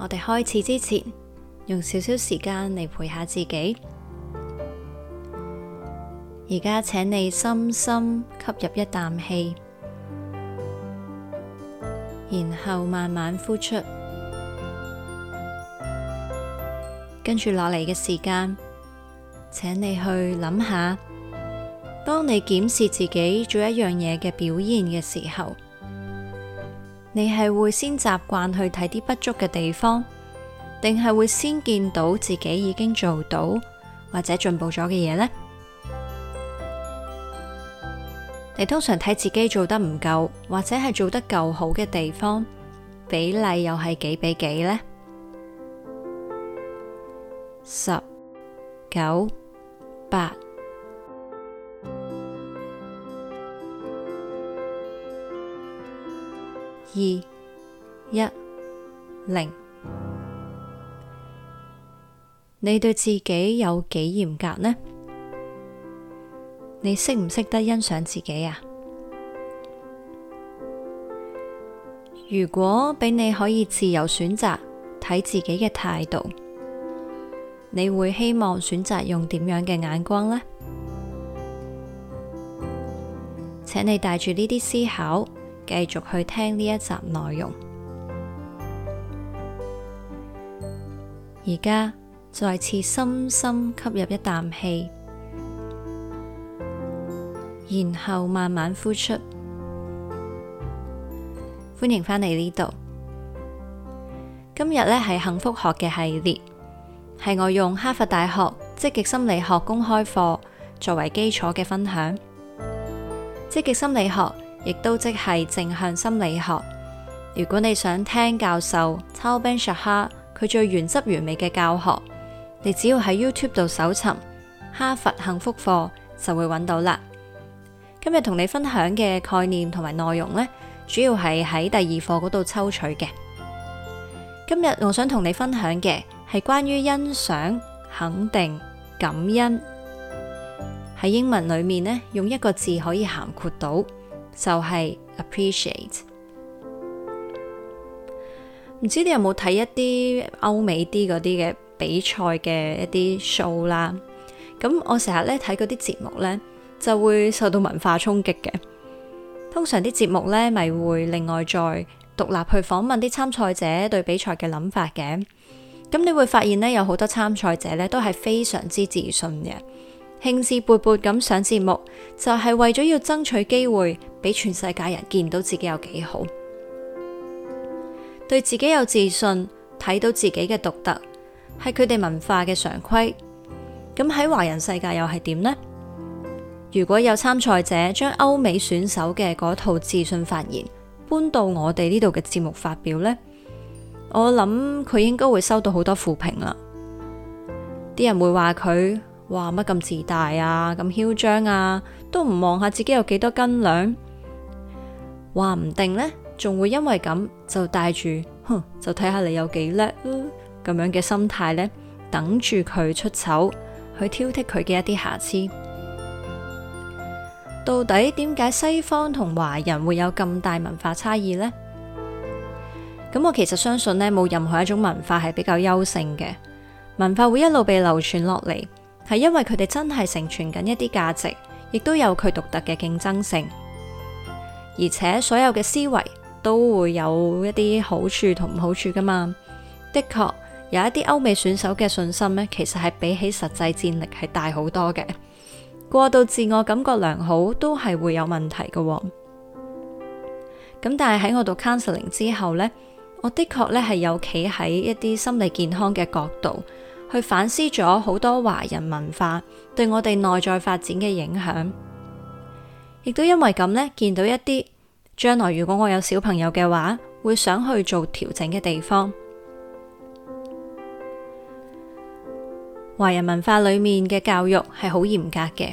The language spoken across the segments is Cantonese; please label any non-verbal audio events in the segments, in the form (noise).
我哋開始之前，用少少時間嚟陪下自己。而家請你深深吸入一啖氣，然後慢慢呼出。跟住落嚟嘅時間，請你去諗下，當你檢視自己做一樣嘢嘅表現嘅時候。你係會先習慣去睇啲不足嘅地方，定係會先見到自己已經做到或者進步咗嘅嘢呢？你通常睇自己做得唔夠，或者係做得夠好嘅地方，比例又係幾比幾呢？十九八。二一零，你對自己有幾嚴格呢？你識唔識得欣賞自己啊？如果俾你可以自由選擇睇自己嘅態度，你會希望選擇用點樣嘅眼光呢？請你帶住呢啲思考。繼續去聽呢一集內容。而家再次深深吸入一啖氣，然後慢慢呼出。歡迎返嚟呢度。今日呢係幸福學嘅系列，係我用哈佛大學積極心理學公開課作為基礎嘅分享。積極心理學。亦都即係正向心理學。如果你想聽教授 Ben Shahar 佢最原汁原味嘅教學，你只要喺 YouTube 度搜尋哈佛幸福課就會揾到啦。今日同你分享嘅概念同埋內容呢，主要係喺第二課嗰度抽取嘅。今日我想同你分享嘅係關於欣賞、肯定、感恩。喺英文裏面呢，用一個字可以涵括到。就係 appreciate，唔知你有冇睇一啲歐美啲嗰啲嘅比賽嘅一啲 show 啦？咁我成日咧睇嗰啲節目咧，就會受到文化衝擊嘅。通常啲節目咧，咪會另外再獨立去訪問啲參賽者對比賽嘅諗法嘅。咁你會發現咧，有好多參賽者咧都係非常之自信嘅。興致勃勃咁上節目，就係為咗要爭取機會，俾全世界人見到自己有幾好，對自己有自信，睇到自己嘅獨特，係佢哋文化嘅常規。咁喺華人世界又係點呢？如果有參賽者將歐美選手嘅嗰套自信發言搬到我哋呢度嘅節目發表呢，我諗佢應該會收到好多負評啦。啲人會話佢。話乜咁自大啊，咁囂張啊，都唔望下自己有幾多斤兩？話唔定呢，仲會因為咁就帶住，哼，就睇下你有幾叻咁樣嘅心態呢，等住佢出醜，去挑剔佢嘅一啲瑕疵。到底點解西方同華人會有咁大文化差異呢？咁我其實相信呢，冇任何一種文化係比較優勝嘅，文化會一路被流傳落嚟。係因為佢哋真係成全緊一啲價值，亦都有佢獨特嘅競爭性，而且所有嘅思維都會有一啲好處同唔好處噶嘛。的確有一啲歐美選手嘅信心呢，其實係比起實際戰力係大好多嘅。過度自我感覺良好都係會有問題噶喎。咁但係喺我讀 counseling 之後呢，我的確呢係有企喺一啲心理健康嘅角度。去反思咗好多華人文化對我哋內在發展嘅影響，亦都因為咁呢，見到一啲將來如果我有小朋友嘅話，會想去做調整嘅地方。華人文化裏面嘅教育係好嚴格嘅，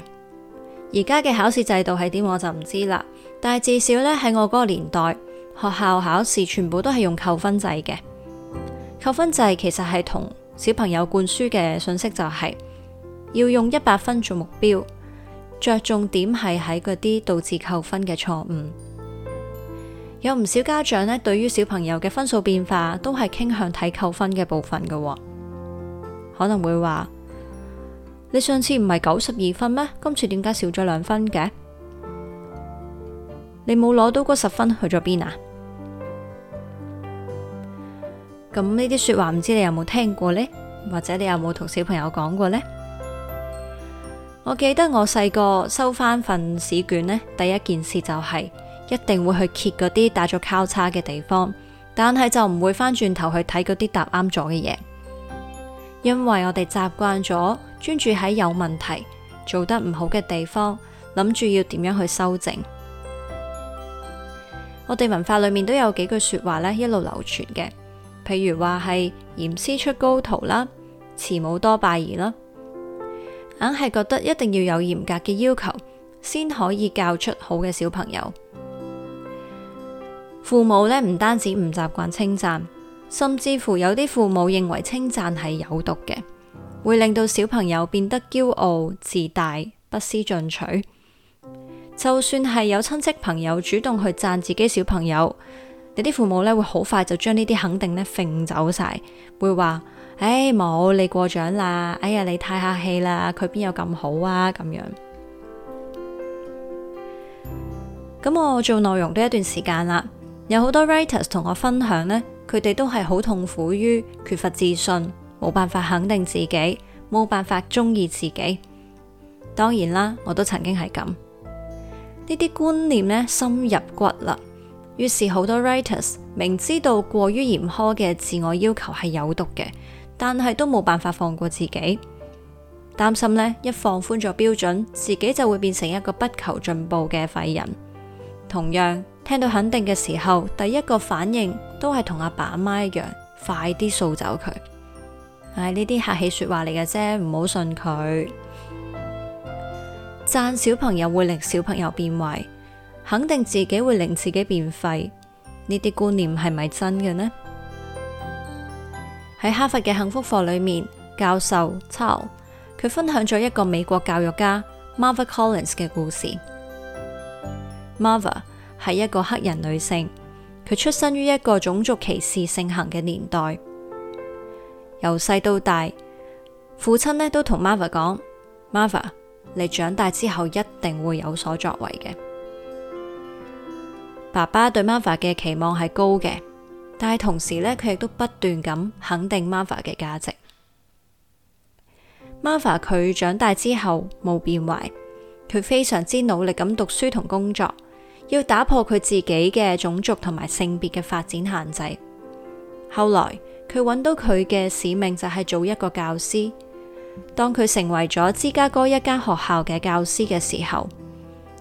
而家嘅考試制度係點我就唔知啦。但係至少呢，喺我嗰個年代，學校考試全部都係用扣分制嘅，扣分制其實係同小朋友灌輸嘅信息，就係、是、要用一百分做目標，着重點係喺嗰啲導致扣分嘅錯誤。有唔少家長咧，對於小朋友嘅分數變化，都係傾向睇扣分嘅部分嘅、哦。可能會話：你上次唔係九十二分咩？今次點解少咗兩分嘅？你冇攞到嗰十分去咗邊啊？咁呢啲說話唔知你有冇聽過呢？或者你有冇同小朋友講過呢？我記得我細個收翻份試卷呢，第一件事就係一定會去揭嗰啲打咗交叉嘅地方，但係就唔會翻轉頭去睇嗰啲答啱咗嘅嘢，因為我哋習慣咗專注喺有問題、做得唔好嘅地方，諗住要點樣去修正。我哋文化裏面都有幾句說話呢，一路流傳嘅。譬如話係嚴師出高徒啦，慈母多敗兒啦，硬係覺得一定要有嚴格嘅要求，先可以教出好嘅小朋友。父母呢，唔單止唔習慣稱讚，甚至乎有啲父母認為稱讚係有毒嘅，會令到小朋友變得驕傲、自大、不思進取。就算係有親戚朋友主動去讚自己小朋友。有啲父母咧，會好快就將呢啲肯定咧揈走晒，會話：唉、哎，冇你過獎啦，哎呀，你太客氣啦，佢邊有咁好啊？咁樣。咁 (music) 我做內容都一段時間啦，有好多 writers 同我分享呢，佢哋都係好痛苦於缺乏自信，冇辦法肯定自己，冇辦法中意自己。當然啦，我都曾經係咁，呢啲觀念呢，深入骨啦。於是好多 writers 明知道過於嚴苛嘅自我要求係有毒嘅，但係都冇辦法放過自己，擔心呢，一放寬咗標準，自己就會變成一個不求進步嘅廢人。同樣聽到肯定嘅時候，第一個反應都係同阿爸阿媽一樣，快啲掃走佢。唉、哎，呢啲客氣說話嚟嘅啫，唔好信佢。讚小朋友會令小朋友變壞。肯定自己會令自己變廢，呢啲觀念係咪真嘅呢？喺哈佛嘅幸福課裏面，教授 Chow 佢分享咗一個美國教育家 Marva Collins 嘅故事。Marva 係一個黑人女性，佢出身於一個種族歧視盛行嘅年代，由細到大，父親呢都同 Marva 講：Marva，你長大之後一定會有所作為嘅。爸爸對 Mafa 嘅期望係高嘅，但係同時呢，佢亦都不斷咁肯定 Mafa 嘅價值。Mafa 佢長大之後冇變壞，佢非常之努力咁讀書同工作，要打破佢自己嘅種族同埋性別嘅發展限制。後來佢揾到佢嘅使命就係做一個教師。當佢成為咗芝加哥一間學校嘅教師嘅時候，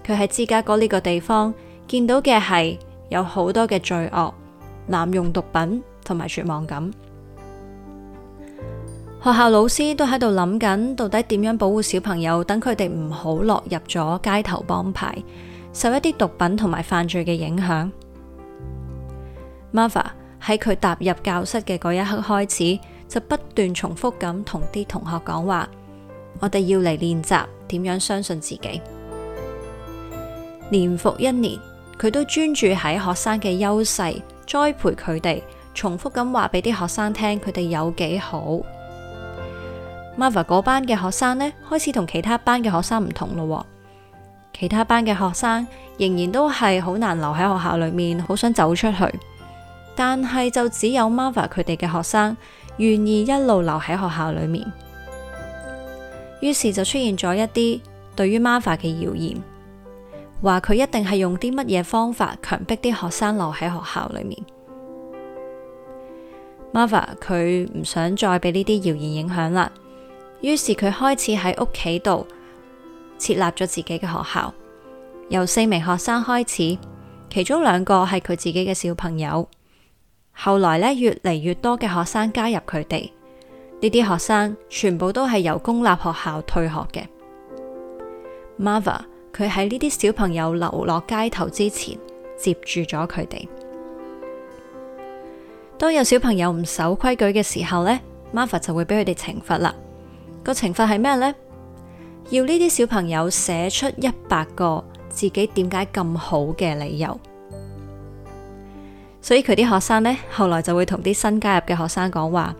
佢喺芝加哥呢個地方。見到嘅係有好多嘅罪惡、濫用毒品同埋絕望感。學校老師都喺度諗緊，到底點樣保護小朋友，等佢哋唔好落入咗街頭幫派，受一啲毒品同埋犯罪嘅影響。Martha 喺佢踏入教室嘅嗰一刻開始，就不斷重複咁同啲同學講話：我哋要嚟練習點樣相信自己。年復一年。佢都專注喺學生嘅優勢，栽培佢哋，重複咁話俾啲學生聽佢哋有幾好。Marva 嗰班嘅學生呢，開始同其他班嘅學生唔同咯。其他班嘅學生仍然都係好難留喺學校裏面，好想走出去，但係就只有 Marva 佢哋嘅學生願意一路留喺學校裏面。於是就出現咗一啲對於 Marva 嘅謠言。話佢一定係用啲乜嘢方法強迫啲學生留喺學校裏面。Marva 佢唔想再俾呢啲謠言影響啦，於是佢開始喺屋企度設立咗自己嘅學校，由四名學生開始，其中兩個係佢自己嘅小朋友。後來呢，越嚟越多嘅學生加入佢哋，呢啲學生全部都係由公立學校退學嘅。Marva 佢喺呢啲小朋友流落街頭之前，接住咗佢哋。當有小朋友唔守規矩嘅時候呢，Marva 就會俾佢哋懲罰啦。個懲罰係咩呢？要呢啲小朋友寫出一百個自己點解咁好嘅理由。所以佢啲學生呢，後來就會同啲新加入嘅學生講話：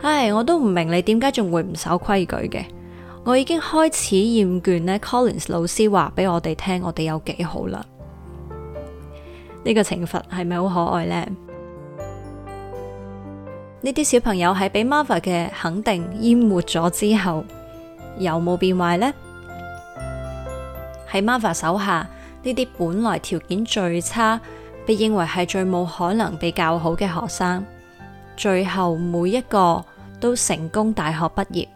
唉，我都唔明你點解仲會唔守規矩嘅。我已經開始厭倦呢 Collins 老師話俾我哋聽，我哋有幾好啦。呢個懲罰係咪好可愛呢？呢啲小朋友喺俾 Marva 嘅肯定淹沒咗之後，有冇變壞呢？喺 Marva 手下，呢啲本來條件最差，被認為係最冇可能被教好嘅學生，最後每一個都成功大學畢業。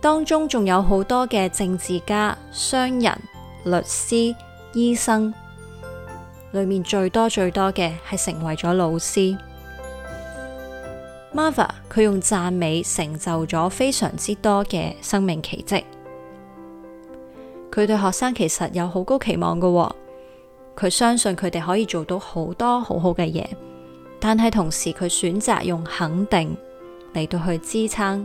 當中仲有好多嘅政治家、商人、律師、醫生，裏面最多最多嘅係成為咗老師。Marva 佢用讚美成就咗非常之多嘅生命奇蹟。佢對學生其實有好高期望㗎喎，佢相信佢哋可以做到好多好好嘅嘢，但係同時佢選擇用肯定嚟到去支撐。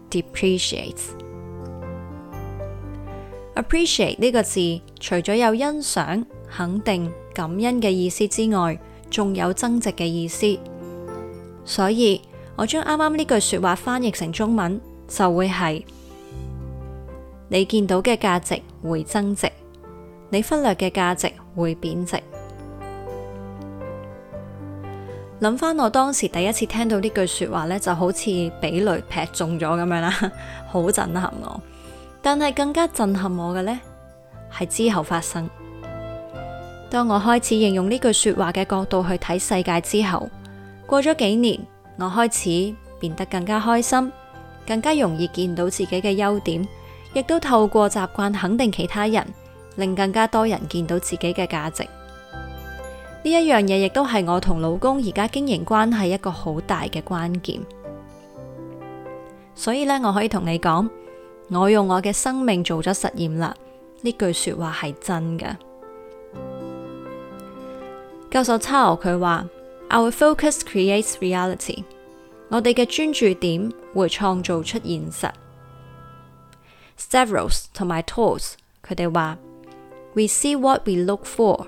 depreciates。Dep appreciate 呢個字除咗有欣賞、肯定、感恩嘅意思之外，仲有增值嘅意思。所以，我將啱啱呢句說話翻譯成中文，就會係你見到嘅價值會增值，你忽略嘅價值會貶值。諗翻我當時第一次聽到呢句說話呢就好似俾雷劈中咗咁樣啦，好 (laughs) 震撼我。但係更加震撼我嘅呢，係之後發生。當我開始應用呢句說話嘅角度去睇世界之後，過咗幾年，我開始變得更加開心，更加容易見到自己嘅優點，亦都透過習慣肯定其他人，令更加多人見到自己嘅價值。呢一樣嘢，亦都係我同老公而家經營關係一個好大嘅關鍵，所以呢，我可以同你講，我用我嘅生命做咗實驗啦。呢句說話係真嘅。教授 Charles 佢話，Our focus creates reality。我哋嘅專注點會創造出現實。Several 同埋 Tors 佢哋話，We see what we look for。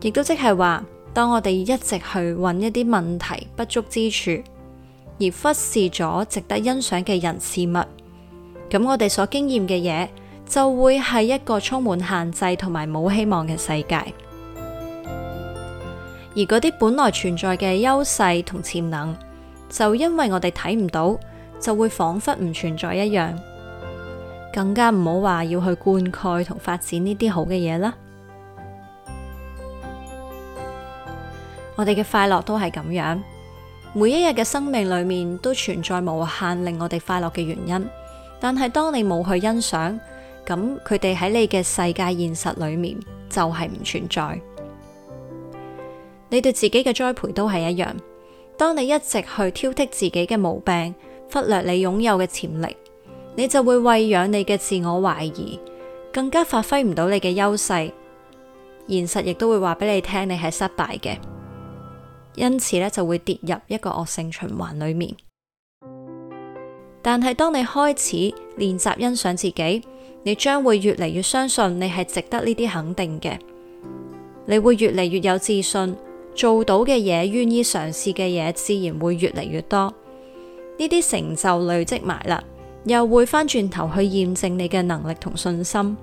亦都即係話，當我哋一直去揾一啲問題不足之處，而忽視咗值得欣賞嘅人事物，咁我哋所經驗嘅嘢就會係一個充滿限制同埋冇希望嘅世界。而嗰啲本來存在嘅優勢同潛能，就因為我哋睇唔到，就會仿佛唔存在一樣。更加唔好話要去灌溉同發展呢啲好嘅嘢啦。我哋嘅快樂都係咁樣，每一日嘅生命裏面都存在無限令我哋快樂嘅原因。但係當你冇去欣賞，咁佢哋喺你嘅世界現實裏面就係唔存在。你對自己嘅栽培都係一樣。當你一直去挑剔自己嘅毛病，忽略你擁有嘅潛力，你就會餵養你嘅自我懷疑，更加發揮唔到你嘅優勢。現實亦都會話俾你聽，你係失敗嘅。因此咧，就會跌入一個惡性循環裏面。但係當你開始練習欣賞自己，你將會越嚟越相信你係值得呢啲肯定嘅。你會越嚟越有自信，做到嘅嘢、願意嘗試嘅嘢，自然會越嚟越多。呢啲成就累積埋啦，又會返轉頭去驗證你嘅能力同信心。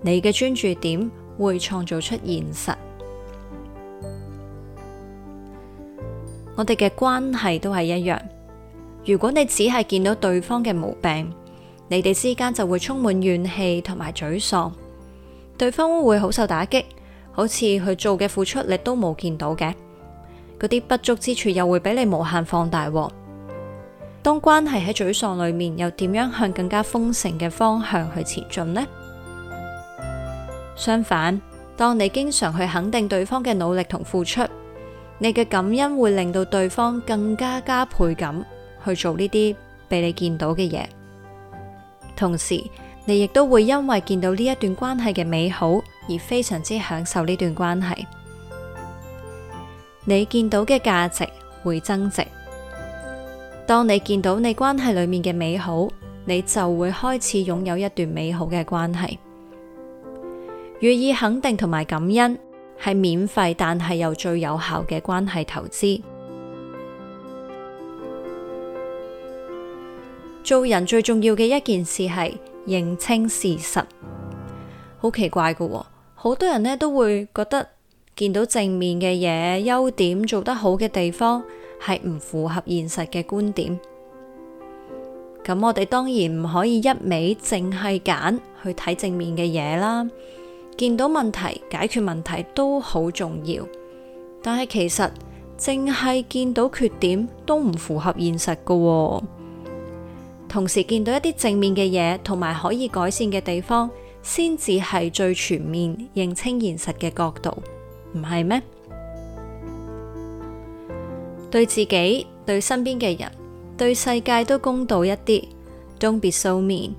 你嘅專注點會創造出現實。我哋嘅關係都係一樣。如果你只係見到對方嘅毛病，你哋之間就會充滿怨氣同埋沮喪，對方會好受打擊，好似佢做嘅付出你都冇見到嘅，嗰啲不足之處又會俾你無限放大。當關係喺沮喪裏面，又點樣向更加豐盛嘅方向去前進呢？相反，當你經常去肯定對方嘅努力同付出。你嘅感恩會令到對方更加加倍咁去做呢啲俾你見到嘅嘢，同時你亦都會因為見到呢一段關係嘅美好而非常之享受呢段關係。你見到嘅價值會增值。當你見到你關係裏面嘅美好，你就會開始擁有一段美好嘅關係。予以肯定同埋感恩。係免費，但係又最有效嘅關係投資。做人最重要嘅一件事係認清事實。好奇怪㗎喎，好多人呢都會覺得見到正面嘅嘢、優點做得好嘅地方係唔符合現實嘅觀點。咁我哋當然唔可以一味淨係揀去睇正面嘅嘢啦。見到問題解決問題都好重要，但係其實淨係見到缺點都唔符合現實㗎喎。同時見到一啲正面嘅嘢，同埋可以改善嘅地方，先至係最全面認清現實嘅角度，唔係咩？對自己、對身邊嘅人、對世界都公道一啲。Don't be so mean。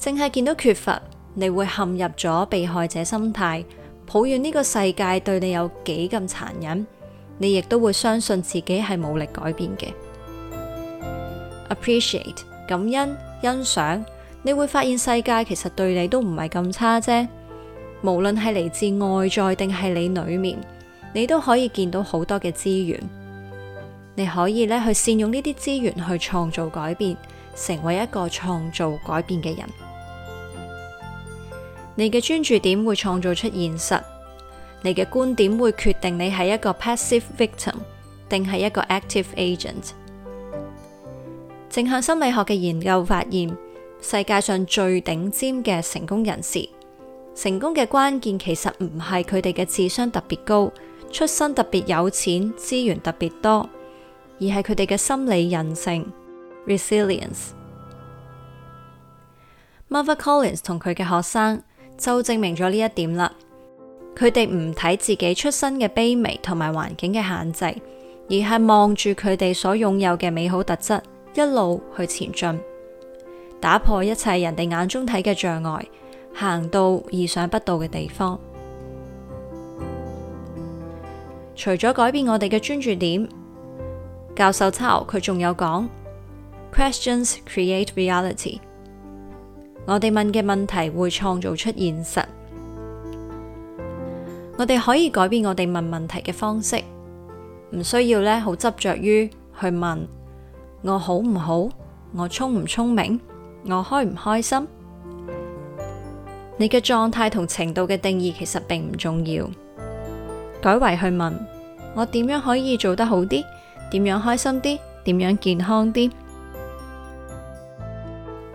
淨係見到缺乏。你會陷入咗被害者心態，抱怨呢個世界對你有幾咁殘忍，你亦都會相信自己係冇力改變嘅。Appreciate 感恩欣賞，你會發現世界其實對你都唔係咁差啫。無論係嚟自外在定係你裏面，你都可以見到好多嘅資源，你可以咧去善用呢啲資源去創造改變，成為一個創造改變嘅人。你嘅專注點會創造出現實，你嘅觀點會決定你係一個 passive victim 定係一個 active agent。正向心理學嘅研究發現，世界上最頂尖嘅成功人士，成功嘅關鍵其實唔係佢哋嘅智商特別高、出身特別有錢、資源特別多，而係佢哋嘅心理韌性 （resilience）。Marva Collins 同佢嘅學生。就證明咗呢一點啦。佢哋唔睇自己出身嘅卑微同埋環境嘅限制，而係望住佢哋所擁有嘅美好特質，一路去前進，打破一切人哋眼中睇嘅障礙，行到意想不到嘅地方。除咗改變我哋嘅專注點，教授 Charles 佢仲有講：Questions create reality。我哋問嘅問題會創造出現實，我哋可以改變我哋問問題嘅方式，唔需要咧好執着於去問我好唔好，我聰唔聰明，我開唔開心。你嘅狀態同程度嘅定義其實並唔重要，改為去問我點樣可以做得好啲，點樣開心啲，點樣健康啲。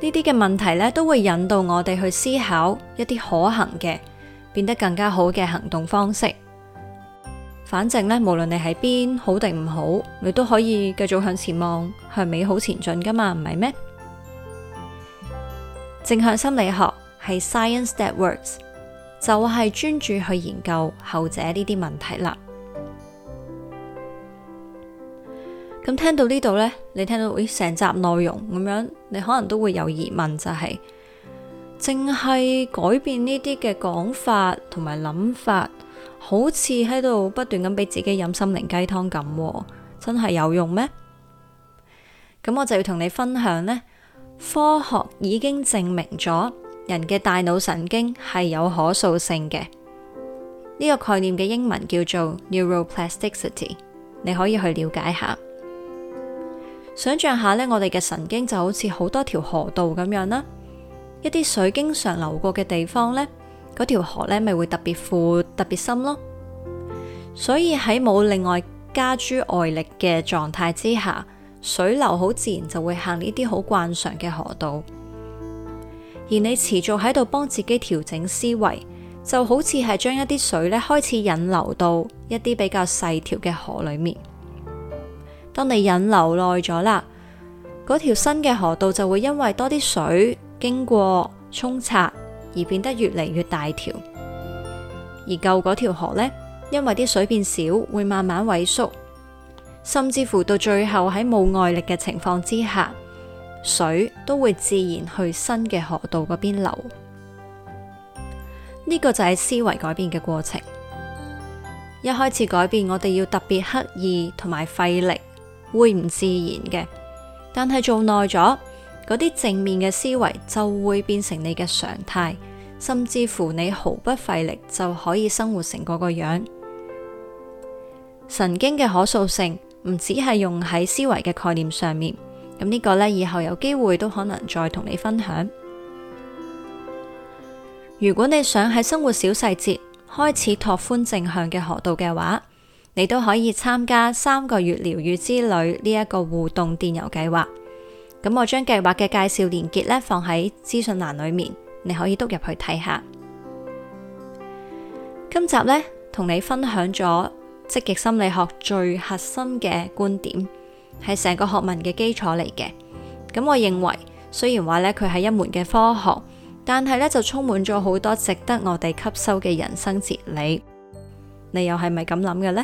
呢啲嘅問題咧，都會引導我哋去思考一啲可行嘅，變得更加好嘅行動方式。反正咧，無論你喺邊，好定唔好，你都可以繼續向前望，向美好前進噶嘛，唔係咩？正向心理學係 Science that works，就係專注去研究後者呢啲問題啦。咁聽到呢度呢，你聽到咦成、哎、集內容咁樣，你可能都會有疑問，就是，就係淨係改變呢啲嘅講法同埋諗法，好似喺度不斷咁俾自己飲心靈雞湯咁，真係有用咩？咁我就要同你分享呢，科學已經證明咗人嘅大腦神經係有可塑性嘅呢、呢個概念嘅英文叫做 Neuroplasticity，你可以去了解下。想象下呢，我哋嘅神經就好似好多條河道咁樣啦，一啲水經常流過嘅地方呢，嗰條河呢咪會特別闊、特別深咯。所以喺冇另外加諸外力嘅狀態之下，水流好自然就會行呢啲好慣常嘅河道。而你持續喺度幫自己調整思維，就好似係將一啲水呢開始引流到一啲比較細條嘅河裏面。當你引流耐咗啦，嗰條新嘅河道就會因為多啲水經過沖刷而變得越嚟越大條，而舊嗰條河呢，因為啲水變少，會慢慢萎縮，甚至乎到最後喺冇外力嘅情況之下，水都會自然去新嘅河道嗰邊流。呢個就係思維改變嘅過程。一開始改變，我哋要特別刻意同埋費力。會唔自然嘅，但係做耐咗，嗰啲正面嘅思維就會變成你嘅常態，甚至乎你毫不費力就可以生活成嗰個樣。神經嘅可塑性唔只係用喺思維嘅概念上面，咁呢個呢，以後有機會都可能再同你分享。如果你想喺生活小細節開始拓寬正向嘅河道嘅話，你都可以參加三個月療愈之旅呢一個互動電郵計劃。咁我將計劃嘅介紹連結呢放喺資訊欄裏面，你可以督入去睇下。今集呢，同你分享咗積極心理學最核心嘅觀點，係成個學問嘅基礎嚟嘅。咁我認為，雖然話呢佢係一門嘅科學，但係呢就充滿咗好多值得我哋吸收嘅人生哲理。你又係咪咁諗嘅呢？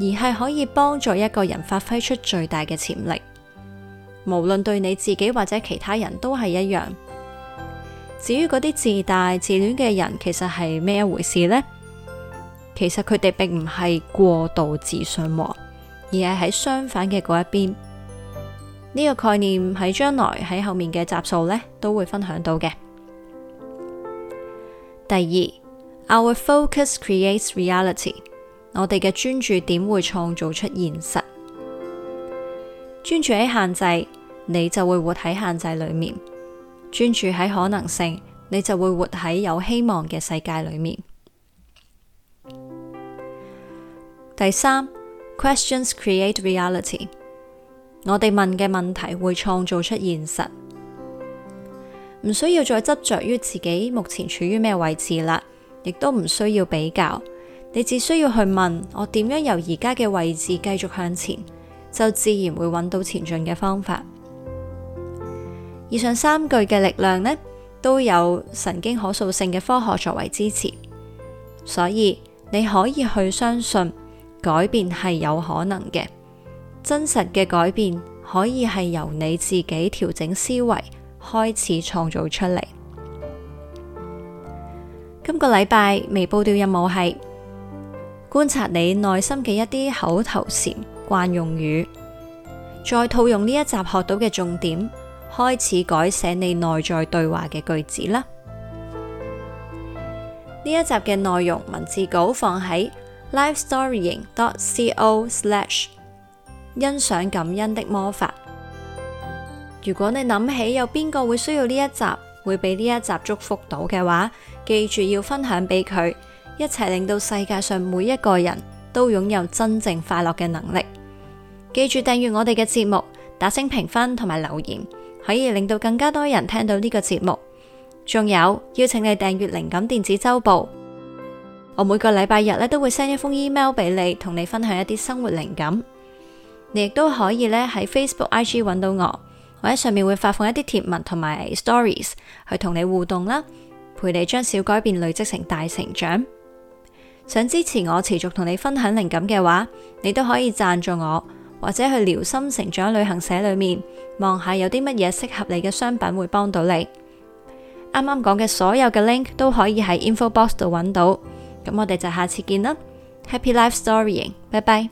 而係可以幫助一個人發揮出最大嘅潛力，無論對你自己或者其他人都係一樣。至於嗰啲自大、自戀嘅人，其實係咩一回事呢？其實佢哋並唔係過度自信，而係喺相反嘅嗰一邊。呢個概念喺將來喺後面嘅集數呢都會分享到嘅。第二，Our focus creates reality。我哋嘅專注點會創造出現實，專注喺限制，你就會活喺限制裏面；專注喺可能性，你就會活喺有希望嘅世界裏面。第三，Questions create reality，我哋問嘅問題會創造出現實，唔需要再執着於自己目前處於咩位置啦，亦都唔需要比較。你只需要去問我點樣由而家嘅位置繼續向前，就自然會搵到前進嘅方法。以上三句嘅力量呢，都有神經可塑性嘅科學作為支持，所以你可以去相信改變係有可能嘅。真實嘅改變可以係由你自己調整思維開始創造出嚟。今個禮拜微報到任務係。觀察你內心嘅一啲口頭禪、慣用語，再套用呢一集學到嘅重點，開始改寫你內在對話嘅句子啦。呢一集嘅內容文字稿放喺 livestorying.co/slash 欣賞感恩的魔法。如果你諗起有邊個會需要呢一集，會俾呢一集祝福到嘅話，記住要分享俾佢。一切令到世界上每一個人都擁有真正快樂嘅能力。記住訂閱我哋嘅節目，打星評分同埋留言，可以令到更加多人聽到呢個節目。仲有邀請你訂閱靈感電子周報，我每個禮拜日咧都會 send 一封 email 俾你，同你分享一啲生活靈感。你亦都可以咧喺 Facebook、I G 揾到我，我喺上面會發放一啲貼文同埋 stories 去同你互動啦，陪你將小改變累積成大成長。想支持我持續同你分享靈感嘅話，你都可以贊助我，或者去聊心成長旅行社裏面望下有啲乜嘢適合你嘅商品會幫到你。啱啱講嘅所有嘅 link 都可以喺 info box 度揾到。咁我哋就下次見啦，Happy Life Storying，拜拜。